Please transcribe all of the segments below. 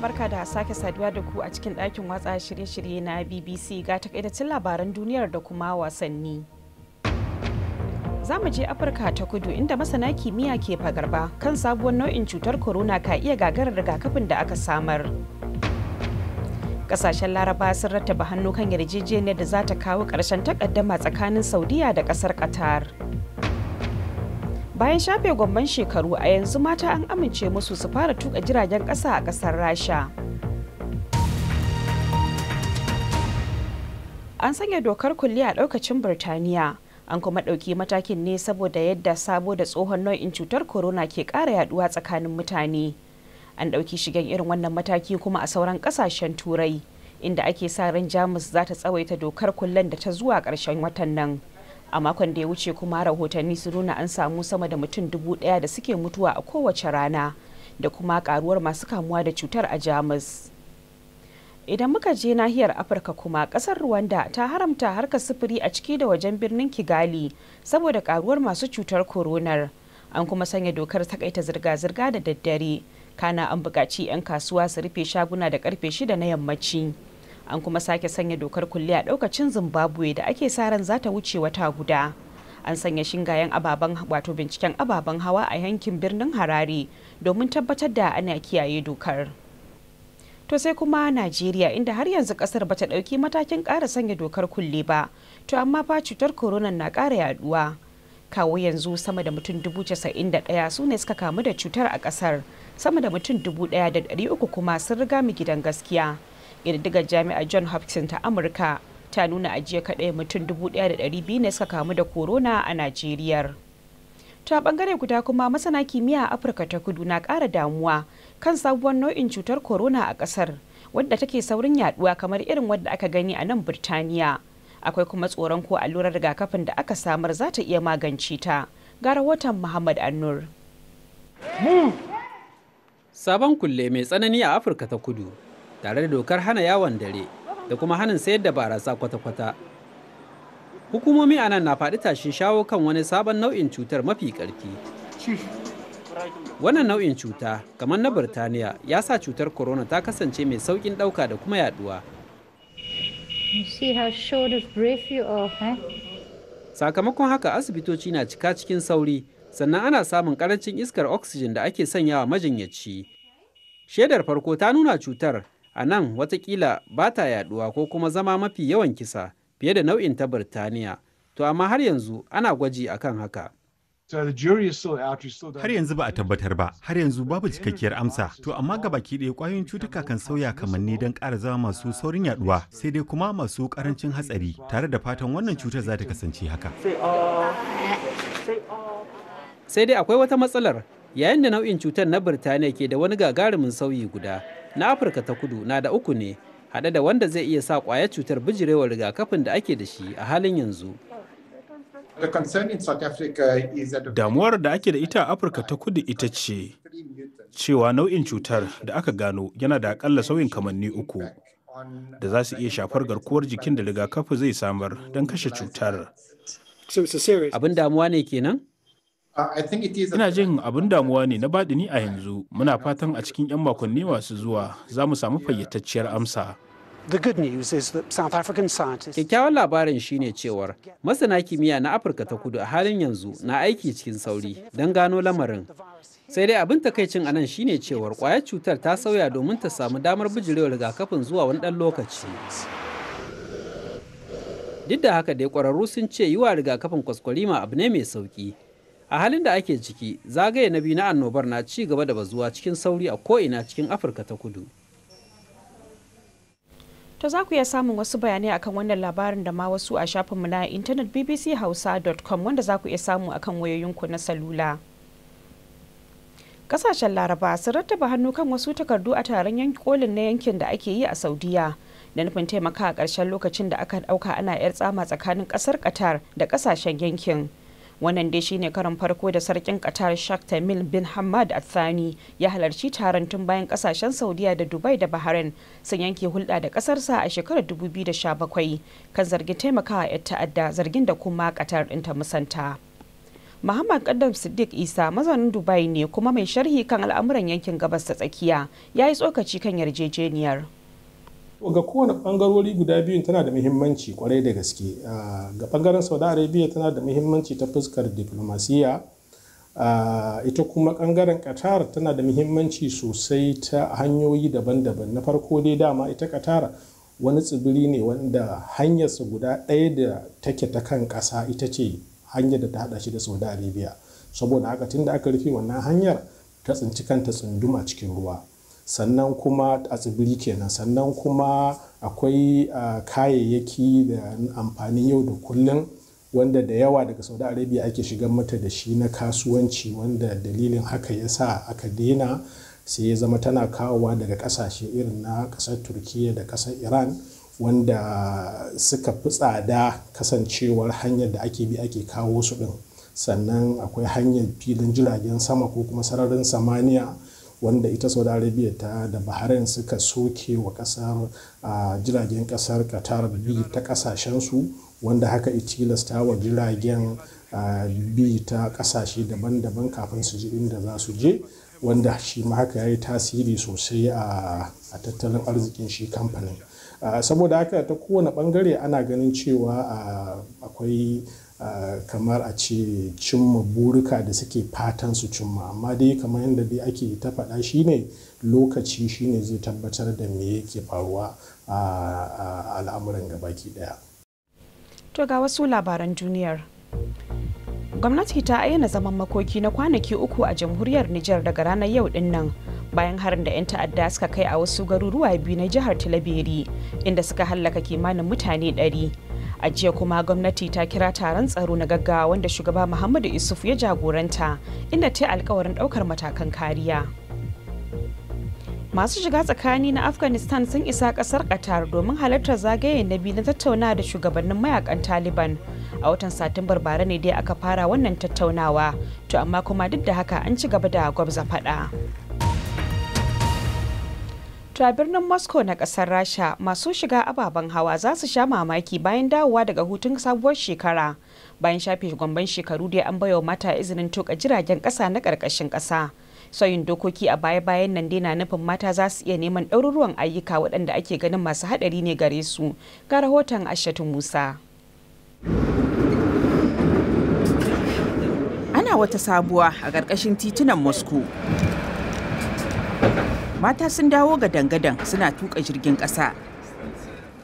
barka da sake saduwa da ku a cikin ɗakin watsa shirye-shirye na bbc ga takaitaccen labaran duniyar da kuma wasanni. za mu je afirka ta kudu inda masana kimiyya ke fagarba kan sabuwar nau'in cutar corona ka iya gagarar rigakafin da aka samar kasashen laraba sun rattaba hannu kan yarjejeniyar da za ta kawo ƙarshen takaddama tsakanin saudiya da ƙasar qatar bayan shafe gwamban shekaru a yanzu mata an amince musu su fara tuka jiragen ƙasa a ƙasar rasha an sanya dokar kulle a ɗaukacin birtaniya an kuma ɗauki matakin ne saboda yadda sabo da tsohon nau'in cutar corona ke ƙara yaduwa tsakanin mutane an ɗauki shigan irin wannan mataki kuma a sauran ƙasashen turai inda ake sa ran jamus za ta tsawaita dokar kullen da ta zuwa ƙarshen watan nan a makon da ya wuce kuma rahotanni su nuna an samu sama da mutum dubu ɗaya da suke mutuwa a kowace rana da kuma ƙaruwar masu kamuwa da cutar a jamus idan muka je nahiyar afirka kuma kasar rwanda ta haramta harka sufuri a ciki da wajen birnin kigali saboda karuwar masu cutar koronar an kuma sanya dokar takaita zirga-zirga da daddare kana an buƙaci 'yan kasuwa su rufe shaguna da karfe shida na yammaci an kuma sake sanya dokar kulle a ɗaukacin zimbabwe da ake sa ran za ta wuce wata guda an sanya shingayen ababen wato binciken ababen hawa a yankin birnin harare domin tabbatar da ana kiyaye dokar to sai kuma najeriya inda har yanzu kasar bata dauki matakin ƙara sanya dokar kulle ba to amma fa cutar corona na kara yaduwa kawo yanzu sama da mutum dubu casa'in da ɗaya su ne suka kamu da cutar a kasar sama da mutum dubu ɗaya da ɗari uku kuma sun riga mu gidan gaskiya ƙididdigar jami'ar john hopkins ta amurka ta nuna ajiya kaɗai mutum dubu ɗaya da ɗari biyu ne suka kamu da korona a najeriyar ta bangare guda kuma masana kimiyya a afirka ta kudu na kara damuwa kan sabuwar nau'in cutar corona a kasar wadda take saurin yaduwa kamar irin wadda aka gani a nan birtaniya akwai kuma tsoron ko allurar rigakafin da aka samar za ta iya magance ta ga rahoton muhammad annur sabon kulle mai tsanani a afirka ta kudu tare da dokar hana yawon dare da kuma hanin sayar da barasa kwata-kwata hukumomi a nan na faɗi tashin shawo kan wani sabon nau'in cutar mafi ƙarfi wannan nau'in cuta kamar na birtaniya ya sa cutar corona ta kasance mai sauƙin ɗauka da kuma yaduwa sakamakon haka asibitoci na cika cikin sauri sannan ana samun ƙarancin iskar oxygen da ake sanya wa majinyaci shaidar farko ta nuna cutar a nan watakila ba ta yaduwa ko kuma zama mafi yawan kisa fiye da nau'in ta Birtaniya, to amma har yanzu ana gwaji akan haka. Har yanzu ba a tabbatar ba, har yanzu babu cikakkiyar amsa. To amma ga baki ɗaya ƙwayoyin cutuka kan sauya kamanni don ƙara zama masu saurin yaduwa, sai dai kuma masu ƙarancin hatsari, tare da fatan wannan cutar za ta kasance haka. Oh. Oh. Sai dai akwai wata matsalar, yayin da nau'in cutar na Birtaniya ke da wani gagarumin sauyi guda, na Afirka ta kudu na da uku ne, haɗe da wanda zai iya sa kwaya cutar bijirewar rigakafin da ake da shi a halin yanzu. Damuwar da ake da ita a Afirka ta kudu ita ce cewa nau'in cutar da aka gano yana da akalla sauyin kamanni uku da za su iya shafar garkuwar jikin da rigakafi zai samar don kashe cutar. Abin damuwa ne kenan? Ina jin abin damuwa ne na baɗi ni a yanzu. Muna fatan a cikin 'yan makonni masu zuwa za mu samu fayyatacciyar amsa. Kyakkyawan labarin shine cewar masana kimiyya na Afirka ta kudu a halin yanzu na aiki cikin sauri don gano lamarin. Sai dai abin takaicin anan shine cewar kwayar cutar ta sauya domin ta samu damar bijirewa rigakafin zuwa wani ɗan lokaci. Duk da haka dai ƙwararru sun ce yiwa wa rigakafin kwaskwarima abu ne mai sauƙi. a halin da ake ciki zagaye na biyu na annobar na ci gaba da bazuwa cikin sauri a ko ina cikin afirka ta kudu to za ku iya samun wasu bayanai akan wannan labarin da ma wasu a shafinmu na intanet bbchausa.com wanda za ku iya samu akan wayoyinku na salula kasashen laraba sun rattaba hannu kan wasu takardu a taron kolin na yankin da ake yi a saudiya da nufin taimaka a ƙarshen lokacin da aka ɗauka ana 'yar tsama tsakanin ƙasar qatar da ƙasashen yankin wannan dai shine karin farko da sarkin qatar shak tamil bin hamad athani ya halarci taron tun bayan kasashen saudiya da dubai da bahrain sun yanke hulɗa da ƙasarsa a shekarar 2017 kan zargin taimakawa yar ta'adda zargin da kuma qatar din ta musanta Muhammad Kaddam Siddiq Isa mazaunin Dubai ne kuma mai sharhi kan al'amuran yankin gabas ta tsakiya ya yi tsokaci kan yarjejeniyar. ga kowane bangarori guda biyu tana da muhimmanci kwarai da gaske ah, ga bangaren saudi arabia tana da muhimmanci ta fuskar diplomasiya ah, ita kuma bangaren qatar tana da muhimmanci sosai ta hanyoyi daban-daban na farko dai dama ita qatar wani tsibiri ne wanda hanyarsa guda ɗaya da take ta kan ƙasa ita ce hanyar da ta haɗa shi da saudi arabia saboda haka tun da aka rufe wannan hanyar ta tsinci kanta tsunduma cikin ruwa sannan kuma a tsibiri kenan sannan kuma akwai kayayyaki da amfanin yau da kullum wanda da yawa daga saudi arabia ake shigar mata da shi na kasuwanci wanda dalilin haka ya sa aka daina sai ya zama tana kawowa daga kasashe irin na kasar turkiya da kasar iran wanda suka fi tsada kasancewar hanyar da ake bi ake kawo su din sannan akwai hanyar filin jiragen sama ko kuma sararin samaniya wanda ita saudi arabia ta da bahrain suka soke wa kasar jiragen kasar qatar bi ta su wanda haka tilasta wa jiragen bi ta kasashe daban-daban kafin su je inda za su je wanda shi ma haka ya yi tasiri sosai a tattalin arzikin shi kamfanin saboda haka ta kowane bangare ana ganin cewa akwai kamar a ce cimma burika da suke fatan su cimma amma dai kamar yadda dai ake ta faɗa shine lokaci shine zai tabbatar da me yake faruwa a al'amuran gabaki daya to ga wasu labaran duniyar gwamnati ta ayyana zaman makoki na kwanaki uku a jamhuriyar Nijar daga ranar yau din nan bayan harin da 'yan ta'adda suka kai a wasu garuruwa biyu na jihar Talabiri inda suka hallaka kimanin mutane 100 a jiya kuma gwamnati ta kira taron tsaro na gaggawa wanda shugaba muhammadu isuf ya jagoranta inda ta alkawarin daukar matakan kariya masu shiga tsakani na afghanistan sun isa kasar qatar domin halartar zagaye na biyu na tattauna da shugabannin mayakan taliban a watan satumbar bara ne dai aka fara wannan tattaunawa to amma kuma duk da haka an ci gaba da gwabza faɗa. To a birnin Moscow na kasar Rasha masu shiga ababen hawa za su sha mamaki bayan dawowa daga hutun sabuwar shekara. Bayan shafe gwamban shekaru dai an wa mata izinin tuka jiragen kasa na karkashin kasa. Sauyin dokoki a baya-bayan nan dai na nufin mata za su iya neman ɗaruruwan ayyuka waɗanda ake ganin masu haɗari ne gare su. Ga rahoton Ashatu Musa. Ana wata sabuwa a ƙarƙashin titunan Moscow. mata sun dawo ga dangadan suna tuka jirgin kasa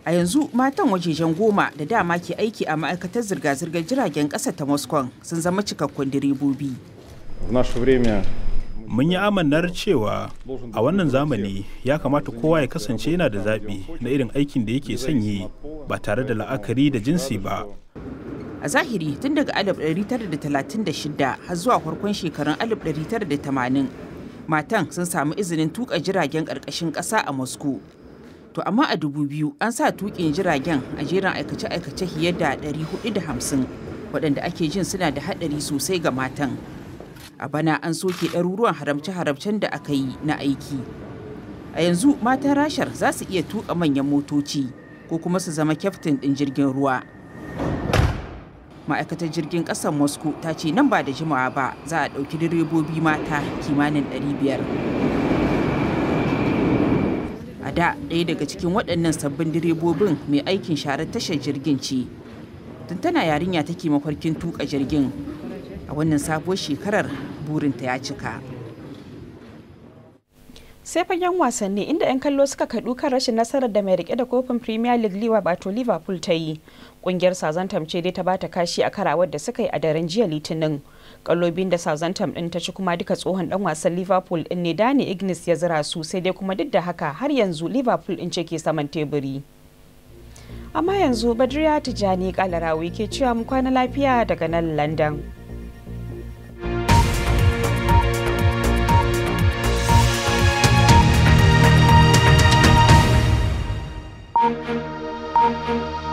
a yanzu matan wajejen goma da dama ke aiki a ma'aikatar zirga-zirgar jiragen kasa ta moscow sun zama cikakkun direbobi mun yi amannar cewa a wannan zamani ya kamata kowa ya kasance yana da zaɓi na irin aikin da yake sanyi ba tare da la'akari da jinsi ba a zahiri tun daga 1936 har zuwa farkon shekarun 1980 matan sun samu izinin tuka jiragen ƙarƙashin ƙasa a moscow to amma a dubu biyu an sa tukin jiragen a jerin aikace-aikace fiye da 450 waɗanda ake jin suna da haɗari sosai ga matan a bana an soke ɗaruruwan haramce-haramcen da aka yi na aiki a yanzu matan rashar za su iya tuka manyan motoci ko kuma su zama kyaftin ɗin jirgin ruwa ma'aikatar jirgin ƙasar moscow ta ce nan ba da jimawa ba za a ɗauki direbobi mata kimanin 500 a da ɗaya daga cikin waɗannan sabbin direbobin mai aikin sharar tashar jirgin ce Tun tana yarinya take mafarkin tuka jirgin a wannan sabuwar shekarar burinta ya cika sai fagen wasanni inda 'yan kallo suka kaɗu kan rashin nasarar da mai rike da kofin premier league liwa bato liverpool ta yi ƙungiyar southampton ce dai ta ba ta kashi a karawar da suka yi a daren jiya litinin biyun da southampton din ta ci kuma duka tsohon ɗan wasan liverpool din ne dani ignis ya zira su sai dai kuma duk da haka har yanzu liverpool ɗin ce ke saman teburi amma yanzu badriya tijani kalarawi ke cewa mu kwana lafiya daga nan london Thank you.